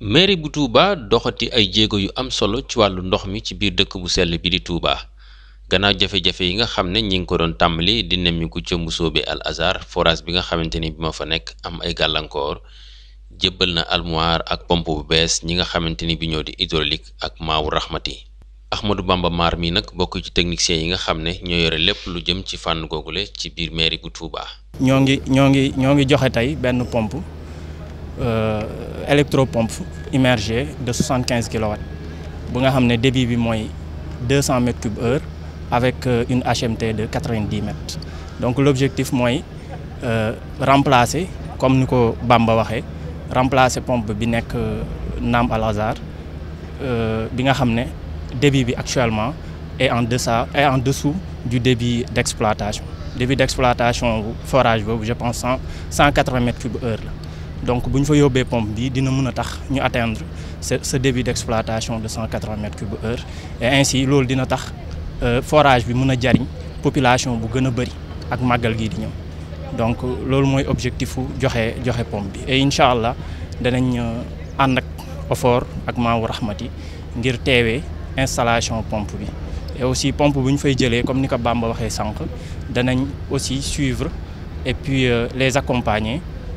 mairie bu Touba doxati ay jéego yu am solo ci wàllu ndox mi ci biir dëkk bu sell bi di Touba gannaaw jafe-jafe yi nga xam ne ñi ngi ko doon tàmbali di nemmiku ca Mboussobé Al Azhar forage bi nga xamante ni bi ma fa nekk am ay gàllankoor jébbal na almuwaar ak pompe bu bees ñi nga xamante ni bi ñoo di hydraulique ak maawu raxmati Ahmadou Bamba Mar mii nag bokk ci techniciens yi nga xam ne ñoo yore lépp lu jëm ci fànn googule ci biir mairie bu Touba. ñoo ngi ñoo ngi ñoo ngi joxe tey benn pompe. Euh, électropompe immergée de 75 kW bu nga débit bi 200 m3 heure avec euh, une HMT de 90 m. donc l'objectif de euh, remplacer comme nous avons Bamba remplacer remplacer pompe bi est euh, NAM Al bi débit actuellement est en en dessous du débit d'exploitation débit d'exploitation forage je pense 180 m3 heure donc bu ñu fa yóbbee pompe bi dina mën tax ñu atteindre ce ce débit d'exploitation de 180 m3 mètres cubes heure et ainsi loolu dina tax euh, forage bi mëna a jariñ population bu gëna bari, bëri ak magal gi di ñëw donc lool moy objectif joxé joxé pompe bi et inshallah, allah danañ and euh, ak effort ak Maawu Rahmati ngir téwé installation pompe bi et aussi pompe buñ fay jëlé comme niko ko Bamba waxee sànq danañ aussi suivre et puis euh, les accompagner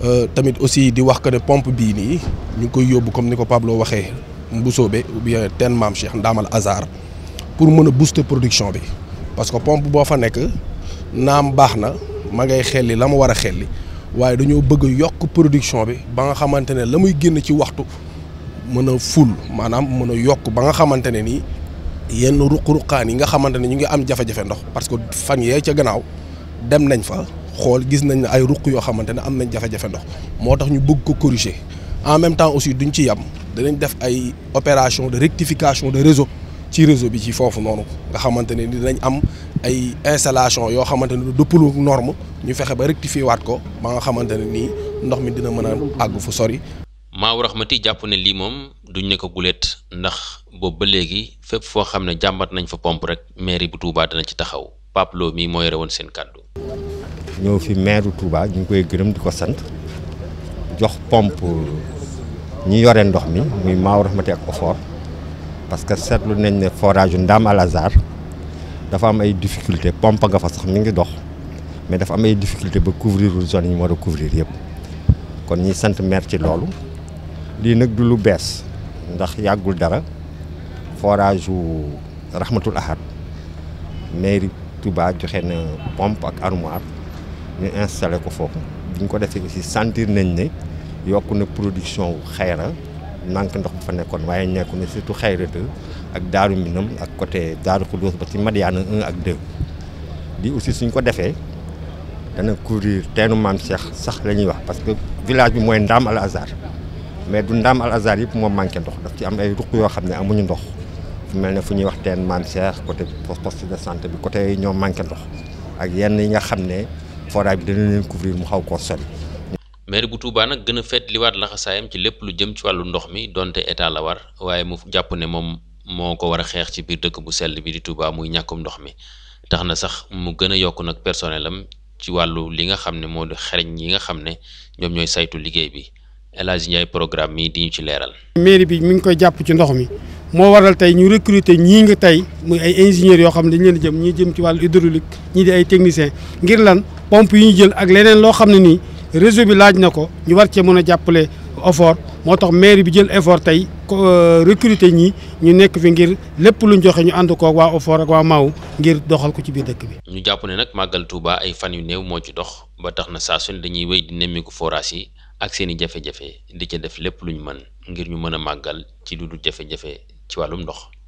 Euh, tamit aussi di wax ko ne pompe bii nii ñu ngi koy yóbbu comme ni ko Pablo waxee Mbusoobe ou bien teen maam Cheikh Ndaamal Azar pour mën a booster production bi parce que pompe boo fa nekk naam baax na ma ngay xelli la mu war a xelli waaye dañoo bëgg yokk production bi ba nga xamante ne la muy génn ci waxtu mën a ful maanaam mën a yokk ba nga xamante ne nii yenn ruq-ruqaan yi nga xamante ne ñu ngi am jafe-jafe ndox parce que fan yee ca gannaaw. dem nañ fa xool gis nañ ne ay ruq yoo xamante ne am nañ jafe-jafe ndox moo tax ñu bëgg ko corriger en même temps aussi duñ ci yam danañ def ay opération de rectification de réseau ci réseau bi ci foofu noonu nga xamante ne dinañ am ay installation yoo xamante ne dëppalu norme ñu fexe ba rectifier waat ko ba nga xamante ne nii ndox mi dina mën a àgg fu sori. Maaw Rahmati jàpp ne lii moom duñ ne ko ndax boobu ba léegi fépp foo xam ne jàmbat nañ fa pompe rek mairie bu Touba ci taxaw Pape Lo mii mooy rewoon seen kàddu. ñëw fi maire Touba ñu ngi koy gërëm di ko sant jox pompe ñi yore ndox mi muy Maaw Rahmati ak Ofor parce que seetlu nañ ne forage yu Ndam Al dafa am ay difficulté pompe nga fa sax mi ngi dox mais dafa am ay difficulté ba couvrir zone yi ñu war a couvrir yëpp kon ñi sant maire ci loolu lii nag du lu bees ndax yàggul dara forage wu Rahmatul Ahad mairie Touba joxe na pompe ak armoire ñu installé ko foofu bi ko defee aussi sentir nañ ne yokk na production wu xayra manque ndox bu fa nekkoon waaye nekku ne surtout xayra 2 ak daaru minam ak côté daaru xudóos ba ci madiana 1 ak 2 di aussi suñ ko defee dana courir teenu maam Cheikh sax la ñuy wax parce que village bi mooy ndaam al azar mais du ndaam al azar yëpp moo manqué ndox daf ci am ay ruq yoo xam ne amuñu ndox fu mel ne fu ñuy wax teen maam Cheikh côté poste de santé bi côté ñoo manqué ndox ak yenn yi nga xam ne forage bi dina leen couvrir mu xaw koo sori. maire bu Touba nag gën a fet liwaat laxasaayam ci lépp lu jëm ci wàllu ndox mi donte état la war waaye mu jàpp ne moom moo ko war a xeex ci biir dëkk bu sell bi di Touba muy ñàkkum ndox mi tax na sax mu gën a yokk nag personnel am ci wàllu li nga xam ne moo di xereñ yi nga xam ne ñoom ñooy saytu liggéey bi El Hadj Ndiaye programme mi di ñu ci leeral. mairie bi mi ngi koy jàpp ci ndox mi moo waral tey ñu recruter ñii nga tey muy ay ingénieurs yoo xam ne dañu leen jëm ñii jëm ci wàllu hydraulique ñii di ay techniciens ngir lan. pompe yu ñu jël ak leneen loo xam ne nii réseau bi laaj na ko ñu war cee mën a jàppale effort moo tax maire bi jël effort tey euh, recruter ñi ñu nekk fi ngir lépp lu luñ joxe ñu ànd koog waa effort ak waa maaw ngir doxal ko ci biir dëkk bi. ñu jàpp ne nag màggal Touba ay fan yu néew moo ci dox ba tax na saa su dañuy wéy di nemmiku forage yi ak seen i jafe-jafe di ca def lépp lu ñu mën ngir ñu mën a màggal ci lu dul jafe-jafe ci wàllum ndox.